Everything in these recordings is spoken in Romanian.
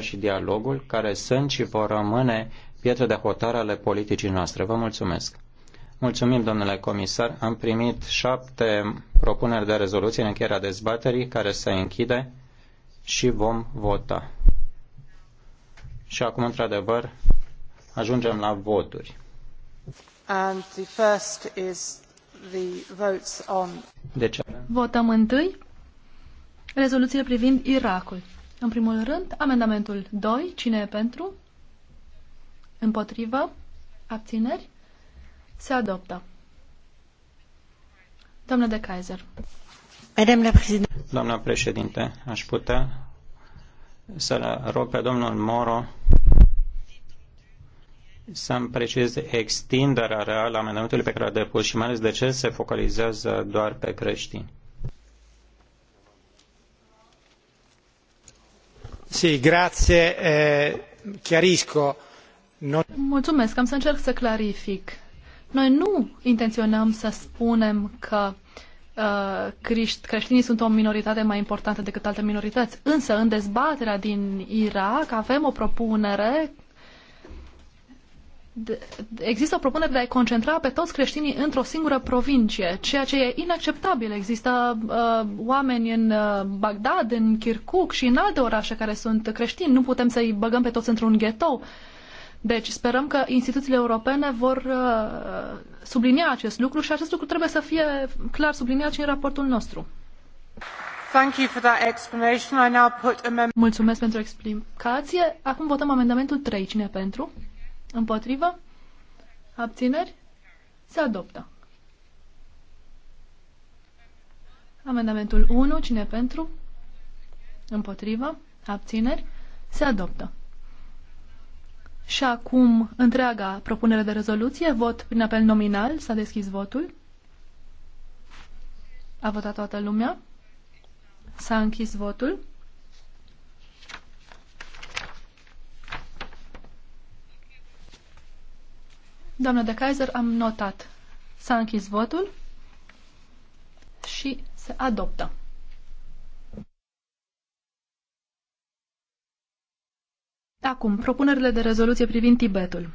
și dialogul, care sunt și vor rămâne pietre de hotare ale politicii noastre. Vă mulțumesc! Mulțumim, domnule comisar. Am primit șapte propuneri de rezoluție în încheierea dezbaterii care se închide și vom vota. Și acum, într-adevăr, ajungem la voturi. And the first is the votes on... Deci... Votăm întâi rezoluțiile privind Irakul. În primul rând, amendamentul 2. Cine e pentru? Împotrivă? Abțineri? Se adoptă. Doamna de Kaiser. Doamna președinte, aș putea să rog pe domnul Moro să-mi precizeze extinderea reală a amendamentului pe care a depus și mai ales de ce se focalizează doar pe creștini. Eh, Mulțumesc, am să încerc să clarific. Noi nu intenționăm să spunem că uh, crești, creștinii sunt o minoritate mai importantă decât alte minorități. Însă, în dezbaterea din Irak, avem o propunere există o propunere de a-i concentra pe toți creștinii într-o singură provincie, ceea ce e inacceptabil. Există uh, oameni în uh, Bagdad, în Kirkuk și în alte orașe care sunt creștini. Nu putem să-i băgăm pe toți într-un ghetou. Deci sperăm că instituțiile europene vor uh, sublinia acest lucru și acest lucru trebuie să fie clar subliniat și în raportul nostru. Thank you for that explanation. I now put a Mulțumesc pentru explicație. Acum votăm amendamentul 3. Cine pentru? Împotrivă? Abțineri? Se adoptă. Amendamentul 1. Cine pentru? Împotrivă? Abțineri? Se adoptă. Și acum întreaga propunere de rezoluție, vot prin apel nominal, s-a deschis votul. A votat toată lumea. S-a închis votul. Doamnă de Kaiser, am notat. S-a închis votul și se adoptă. Acum, propunerile de rezoluție privind Tibetul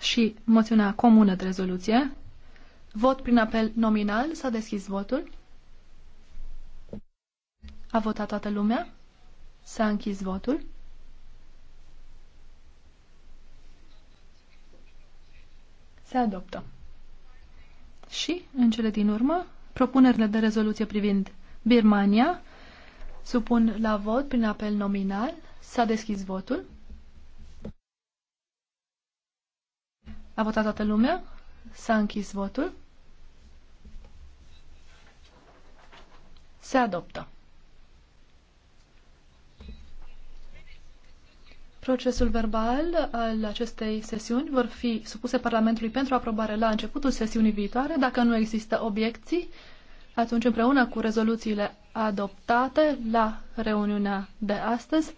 și moțiunea comună de rezoluție. Vot prin apel nominal. S-a deschis votul. A votat toată lumea. S-a închis votul. Se adoptă. Și, în cele din urmă, propunerile de rezoluție privind Birmania supun la vot prin apel nominal. S-a deschis votul. A votat toată lumea? S-a închis votul? Se adoptă. Procesul verbal al acestei sesiuni vor fi supuse Parlamentului pentru aprobare la începutul sesiunii viitoare. Dacă nu există obiecții, atunci împreună cu rezoluțiile adoptate la reuniunea de astăzi,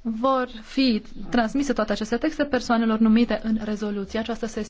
vor fi transmise toate aceste texte persoanelor numite în rezoluție. Această sesiune